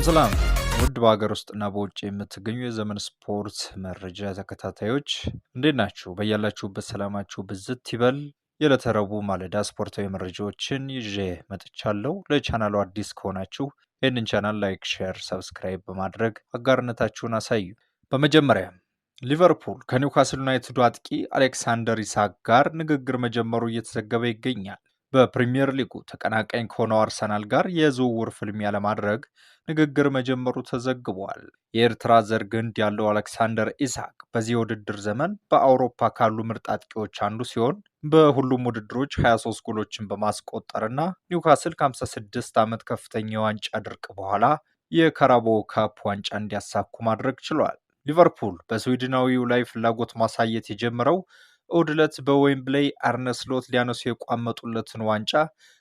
ሰላም ሰላም ውድ በሀገር ውስጥና በውጭ የምትገኙ የዘመን ስፖርት መረጃ ተከታታዮች እንዴት ናችሁ? በያላችሁበት ሰላማችሁ ብዝት ይበል። የዕለተ ረቡዕ ማለዳ ስፖርታዊ መረጃዎችን ይዤ መጥቻለሁ። ለቻናሉ አዲስ ከሆናችሁ ይህንን ቻናል ላይክ፣ ሼር፣ ሰብስክራይብ በማድረግ አጋርነታችሁን አሳዩ። በመጀመሪያ ሊቨርፑል ከኒውካስል ዩናይትዱ አጥቂ አሌክሳንደር ኢሳክ ጋር ንግግር መጀመሩ እየተዘገበ ይገኛል። በፕሪምየር ሊጉ ተቀናቃኝ ከሆነው አርሰናል ጋር የዝውውር ፍልሚያ ለማድረግ ንግግር መጀመሩ ተዘግቧል። የኤርትራ ዘር ግንድ ያለው አሌክሳንደር ኢሳክ በዚህ የውድድር ዘመን በአውሮፓ ካሉ ምርጥ አጥቂዎች አንዱ ሲሆን በሁሉም ውድድሮች 23 ጎሎችን በማስቆጠርና ኒውካስል ከ56 ዓመት ከፍተኛ ዋንጫ ድርቅ በኋላ የካራቦ ካፕ ዋንጫ እንዲያሳኩ ማድረግ ችሏል። ሊቨርፑል በስዊድናዊው ላይ ፍላጎት ማሳየት የጀመረው እሁድ ዕለት በዌምብሌይ አርነስሎት ሊያነሱ የቋመጡለትን ዋንጫ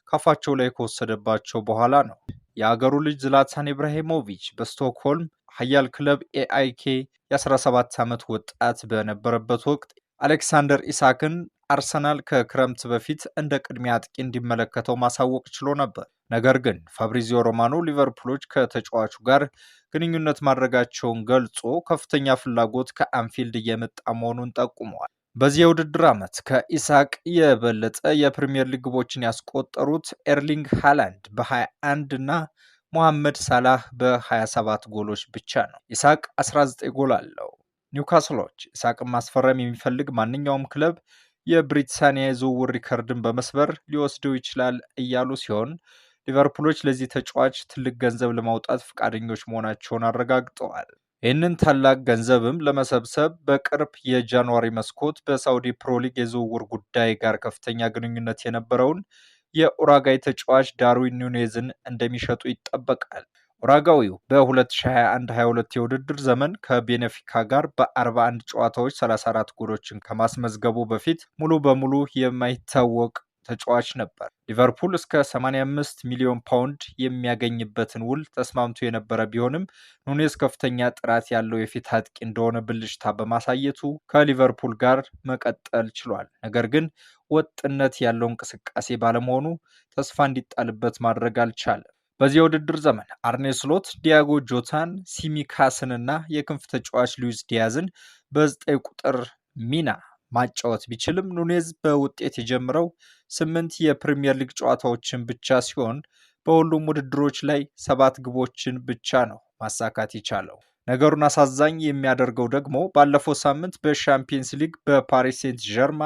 ካፋቸው ላይ ከወሰደባቸው በኋላ ነው። የአገሩ ልጅ ዝላታን ኢብራሂሞቪች በስቶክሆልም ሀያል ክለብ ኤአይኬ የ17 ዓመት ወጣት በነበረበት ወቅት አሌክሳንደር ኢሳክን አርሰናል ከክረምት በፊት እንደ ቅድሚያ አጥቂ እንዲመለከተው ማሳወቅ ችሎ ነበር። ነገር ግን ፋብሪዚዮ ሮማኖ ሊቨርፑሎች ከተጫዋቹ ጋር ግንኙነት ማድረጋቸውን ገልጾ ከፍተኛ ፍላጎት ከአንፊልድ እየመጣ መሆኑን ጠቁመዋል። በዚህ የውድድር ዓመት ከኢሳቅ የበለጠ የፕሪምየር ሊግ ግቦችን ያስቆጠሩት ኤርሊንግ ሃላንድ በ21 እና ሞሐመድ ሳላህ በ27 ጎሎች ብቻ ነው። ኢሳቅ 19 ጎል አለው። ኒውካስሎች ኢሳቅን ማስፈረም የሚፈልግ ማንኛውም ክለብ የብሪታንያ የዝውውር ሪከርድን በመስበር ሊወስደው ይችላል እያሉ ሲሆን ሊቨርፑሎች ለዚህ ተጫዋች ትልቅ ገንዘብ ለማውጣት ፈቃደኞች መሆናቸውን አረጋግጠዋል። ይህንን ታላቅ ገንዘብም ለመሰብሰብ በቅርብ የጃንዋሪ መስኮት በሳውዲ ፕሮሊግ የዝውውር ጉዳይ ጋር ከፍተኛ ግንኙነት የነበረውን የኡራጋይ ተጫዋች ዳርዊን ኑኔዝን እንደሚሸጡ ይጠበቃል። ኡራጋዊው በ2021-22 የውድድር ዘመን ከቤኔፊካ ጋር በ41 ጨዋታዎች 34 ጎሎችን ከማስመዝገቡ በፊት ሙሉ በሙሉ የማይታወቅ ተጫዋች ነበር። ሊቨርፑል እስከ 85 ሚሊዮን ፓውንድ የሚያገኝበትን ውል ተስማምቶ የነበረ ቢሆንም ኑኔዝ ከፍተኛ ጥራት ያለው የፊት አጥቂ እንደሆነ ብልጭታ በማሳየቱ ከሊቨርፑል ጋር መቀጠል ችሏል። ነገር ግን ወጥነት ያለው እንቅስቃሴ ባለመሆኑ ተስፋ እንዲጣልበት ማድረግ አልቻለም። በዚህ የውድድር ዘመን አርኔ ስሎት ዲያጎ ጆታን፣ ሲሚካስንና የክንፍ ተጫዋች ሉዊስ ዲያዝን በ9 ቁጥር ሚና ማጫወት ቢችልም ኑኔዝ በውጤት የጀምረው ስምንት የፕሪምየር ሊግ ጨዋታዎችን ብቻ ሲሆን በሁሉም ውድድሮች ላይ ሰባት ግቦችን ብቻ ነው ማሳካት የቻለው። ነገሩን አሳዛኝ የሚያደርገው ደግሞ ባለፈው ሳምንት በሻምፒየንስ ሊግ በፓሪስ ሴንት ጀርማ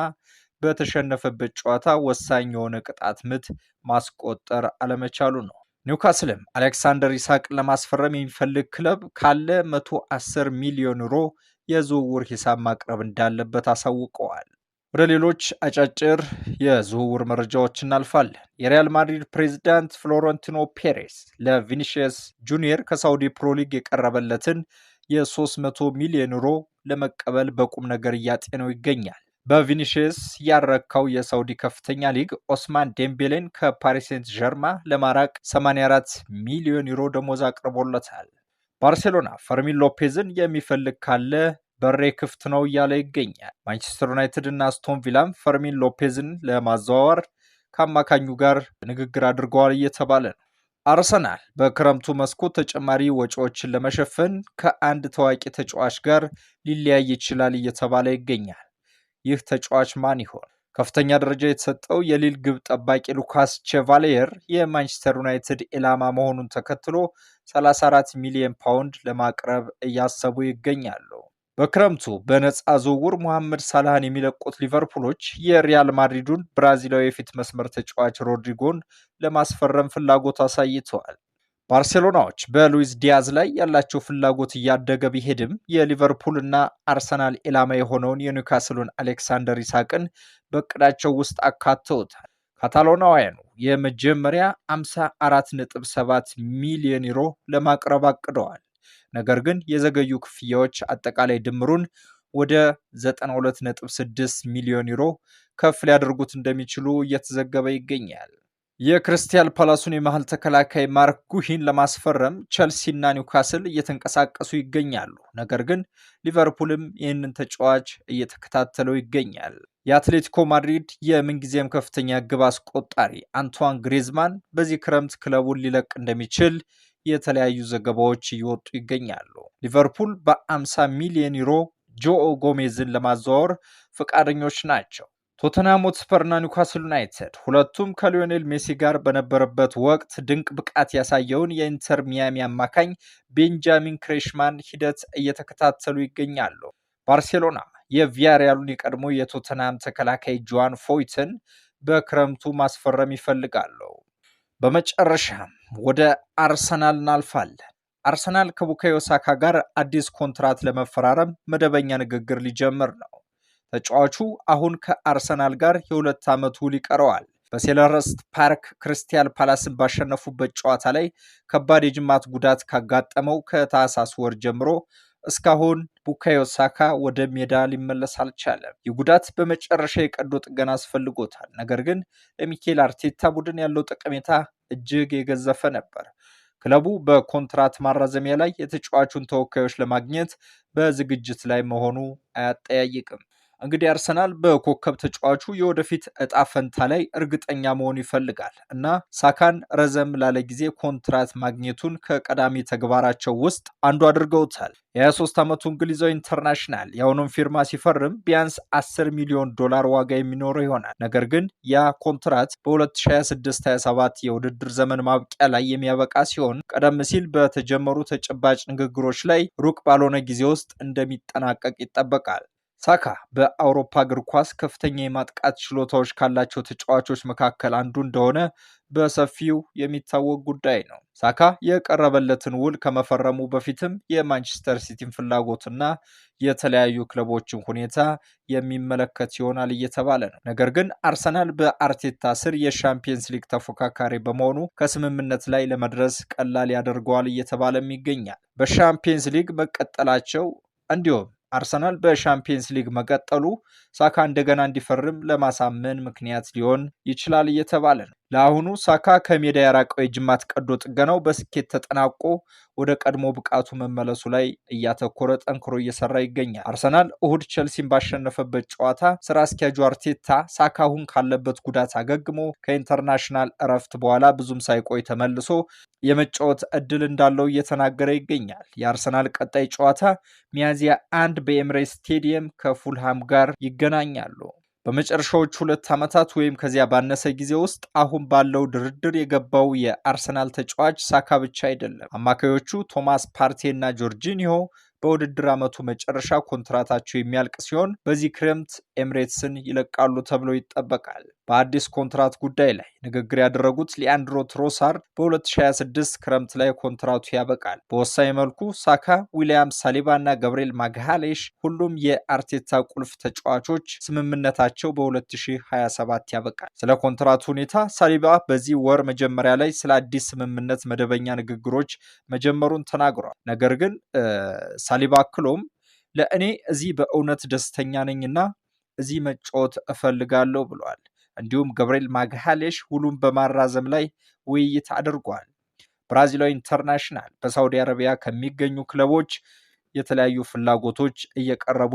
በተሸነፈበት ጨዋታ ወሳኝ የሆነ ቅጣት ምት ማስቆጠር አለመቻሉ ነው። ኒውካስልም አሌክሳንደር ኢሳቅን ለማስፈረም የሚፈልግ ክለብ ካለ 110 ሚሊዮን ዩሮ የዝውውር ሂሳብ ማቅረብ እንዳለበት አሳውቀዋል። ወደ ሌሎች አጫጭር የዝውውር መረጃዎች እናልፋለን። የሪያል ማድሪድ ፕሬዚዳንት ፍሎረንቲኖ ፔሬስ ለቪኒሺየስ ጁኒየር ከሳውዲ ፕሮሊግ የቀረበለትን የ300 ሚሊዮን ዩሮ ለመቀበል በቁም ነገር እያጤነው ይገኛል። በቪኒሽስ ያረካው የሳውዲ ከፍተኛ ሊግ ኦስማን ዴምቤሌን ከፓሪስ ጀርማ ለማራቅ 84 ሚሊዮን ዩሮ ደሞዝ አቅርቦለታል። ባርሴሎና ፈርሚን ሎፔዝን የሚፈልግ ካለ በሬ ክፍት ነው እያለ ይገኛል። ማንቸስተር ዩናይትድ እና አስቶን ቪላም ፈርሚን ሎፔዝን ለማዘዋወር ከአማካኙ ጋር ንግግር አድርገዋል እየተባለ ነው። አርሰናል በክረምቱ መስኮት ተጨማሪ ወጪዎችን ለመሸፈን ከአንድ ታዋቂ ተጫዋች ጋር ሊለያይ ይችላል እየተባለ ይገኛል። ይህ ተጫዋች ማን ይሆን? ከፍተኛ ደረጃ የተሰጠው የሊል ግብ ጠባቂ ሉካስ ቼቫሊየር የማንቸስተር ዩናይትድ ኢላማ መሆኑን ተከትሎ 34 ሚሊዮን ፓውንድ ለማቅረብ እያሰቡ ይገኛሉ። በክረምቱ በነፃ ዝውውር መሐመድ ሳላህን የሚለቁት ሊቨርፑሎች የሪያል ማድሪዱን ብራዚላዊ የፊት መስመር ተጫዋች ሮድሪጎን ለማስፈረም ፍላጎት አሳይተዋል። ባርሴሎናዎች በሉዊዝ ዲያዝ ላይ ያላቸው ፍላጎት እያደገ ቢሄድም የሊቨርፑልና አርሰናል ኢላማ የሆነውን የኒውካስሉን አሌክሳንደር ኢሳቅን በእቅዳቸው ውስጥ አካተውታል። ካታሎናውያኑ የመጀመሪያ 54.7 ሚሊዮን ዩሮ ለማቅረብ አቅደዋል። ነገር ግን የዘገዩ ክፍያዎች አጠቃላይ ድምሩን ወደ 92.6 ሚሊዮን ዩሮ ከፍ ሊያደርጉት እንደሚችሉ እየተዘገበ ይገኛል። የክሪስታል ፓላሱን የመሀል ተከላካይ ማርክ ጉሂን ለማስፈረም ቸልሲና ኒውካስል እየተንቀሳቀሱ ይገኛሉ። ነገር ግን ሊቨርፑልም ይህንን ተጫዋች እየተከታተለው ይገኛል። የአትሌቲኮ ማድሪድ የምንጊዜም ከፍተኛ ግብ አስቆጣሪ አንቷን ግሪዝማን በዚህ ክረምት ክለቡን ሊለቅ እንደሚችል የተለያዩ ዘገባዎች እየወጡ ይገኛሉ። ሊቨርፑል በ50 ሚሊዮን ዩሮ ጆኦ ጎሜዝን ለማዘዋወር ፈቃደኞች ናቸው። ቶተንሃም ሆትስፐርና ኒውካስል ዩናይትድ ሁለቱም ከሊዮኔል ሜሲ ጋር በነበረበት ወቅት ድንቅ ብቃት ያሳየውን የኢንተር ሚያሚ አማካኝ ቤንጃሚን ክሬሽማን ሂደት እየተከታተሉ ይገኛሉ። ባርሴሎና የቪያሪያሉን የቀድሞ የቶተንሃም ተከላካይ ጆዋን ፎይትን በክረምቱ ማስፈረም ይፈልጋሉ። በመጨረሻም ወደ አርሰናል እናልፋለን። አርሰናል ከቡካዮ ሳካ ጋር አዲስ ኮንትራት ለመፈራረም መደበኛ ንግግር ሊጀምር ነው። ተጫዋቹ አሁን ከአርሰናል ጋር የሁለት ዓመት ውል ይቀረዋል። በሴለረስት ፓርክ ክሪስታል ፓላስን ባሸነፉበት ጨዋታ ላይ ከባድ የጅማት ጉዳት ካጋጠመው ከታህሳስ ወር ጀምሮ እስካሁን ቡካዮ ሳካ ወደ ሜዳ ሊመለስ አልቻለም። ይህ ጉዳት በመጨረሻ የቀዶ ጥገና አስፈልጎታል። ነገር ግን ለሚኬል አርቴታ ቡድን ያለው ጠቀሜታ እጅግ የገዘፈ ነበር። ክለቡ በኮንትራት ማራዘሚያ ላይ የተጫዋቹን ተወካዮች ለማግኘት በዝግጅት ላይ መሆኑ አያጠያይቅም። እንግዲህ አርሰናል በኮከብ ተጫዋቹ የወደፊት እጣ ፈንታ ላይ እርግጠኛ መሆን ይፈልጋል እና ሳካን ረዘም ላለ ጊዜ ኮንትራት ማግኘቱን ከቀዳሚ ተግባራቸው ውስጥ አንዱ አድርገውታል። የ23 ዓመቱ እንግሊዛዊ ኢንተርናሽናል የአሁኑን ፊርማ ሲፈርም ቢያንስ 10 ሚሊዮን ዶላር ዋጋ የሚኖረው ይሆናል። ነገር ግን ያ ኮንትራት በ2026/27 የውድድር ዘመን ማብቂያ ላይ የሚያበቃ ሲሆን ቀደም ሲል በተጀመሩ ተጨባጭ ንግግሮች ላይ ሩቅ ባልሆነ ጊዜ ውስጥ እንደሚጠናቀቅ ይጠበቃል። ሳካ በአውሮፓ እግር ኳስ ከፍተኛ የማጥቃት ችሎታዎች ካላቸው ተጫዋቾች መካከል አንዱ እንደሆነ በሰፊው የሚታወቅ ጉዳይ ነው። ሳካ የቀረበለትን ውል ከመፈረሙ በፊትም የማንቸስተር ሲቲን ፍላጎትና የተለያዩ ክለቦችን ሁኔታ የሚመለከት ይሆናል እየተባለ ነው። ነገር ግን አርሰናል በአርቴታ ስር የሻምፒየንስ ሊግ ተፎካካሪ በመሆኑ ከስምምነት ላይ ለመድረስ ቀላል ያደርገዋል እየተባለም ይገኛል። በሻምፒየንስ ሊግ መቀጠላቸው እንዲሁም አርሰናል በሻምፒየንስ ሊግ መቀጠሉ ሳካ እንደገና እንዲፈርም ለማሳመን ምክንያት ሊሆን ይችላል እየተባለ ነው። ለአሁኑ ሳካ ከሜዳ ያራቀው የጅማት ቀዶ ጥገናው በስኬት ተጠናቆ ወደ ቀድሞ ብቃቱ መመለሱ ላይ እያተኮረ ጠንክሮ እየሰራ ይገኛል። አርሰናል እሁድ ቸልሲን ባሸነፈበት ጨዋታ ስራ አስኪያጁ አርቴታ ሳካ አሁን ካለበት ጉዳት አገግሞ ከኢንተርናሽናል እረፍት በኋላ ብዙም ሳይቆይ ተመልሶ የመጫወት እድል እንዳለው እየተናገረ ይገኛል። የአርሰናል ቀጣይ ጨዋታ ሚያዚያ አንድ በኤምሬ ስቴዲየም ከፉልሃም ጋር ይገናኛሉ። በመጨረሻዎቹ ሁለት ዓመታት ወይም ከዚያ ባነሰ ጊዜ ውስጥ አሁን ባለው ድርድር የገባው የአርሰናል ተጫዋች ሳካ ብቻ አይደለም። አማካዮቹ ቶማስ ፓርቴ እና ጆርጂኒሆ በውድድር ዓመቱ መጨረሻ ኮንትራታቸው የሚያልቅ ሲሆን በዚህ ክረምት ኤምሬትስን ይለቃሉ ተብሎ ይጠበቃል። በአዲስ ኮንትራት ጉዳይ ላይ ንግግር ያደረጉት ሊአንድሮ ትሮሳርድ በ2026 ክረምት ላይ ኮንትራቱ ያበቃል። በወሳኝ መልኩ ሳካ፣ ዊሊያም ሳሊባ እና ገብርኤል ማግሃሌሽ ሁሉም የአርቴታ ቁልፍ ተጫዋቾች ስምምነታቸው በ2027 ያበቃል። ስለ ኮንትራቱ ሁኔታ ሳሊባ በዚህ ወር መጀመሪያ ላይ ስለ አዲስ ስምምነት መደበኛ ንግግሮች መጀመሩን ተናግሯል። ነገር ግን ሳሊባ አክሎም ለእኔ እዚህ በእውነት ደስተኛ ነኝና እዚህ መጫወት እፈልጋለሁ ብለዋል። እንዲሁም ገብርኤል ማግሃሌሽ ውሉን በማራዘም ላይ ውይይት አድርጓል። ብራዚላዊ ኢንተርናሽናል በሳውዲ አረቢያ ከሚገኙ ክለቦች የተለያዩ ፍላጎቶች እየቀረቡ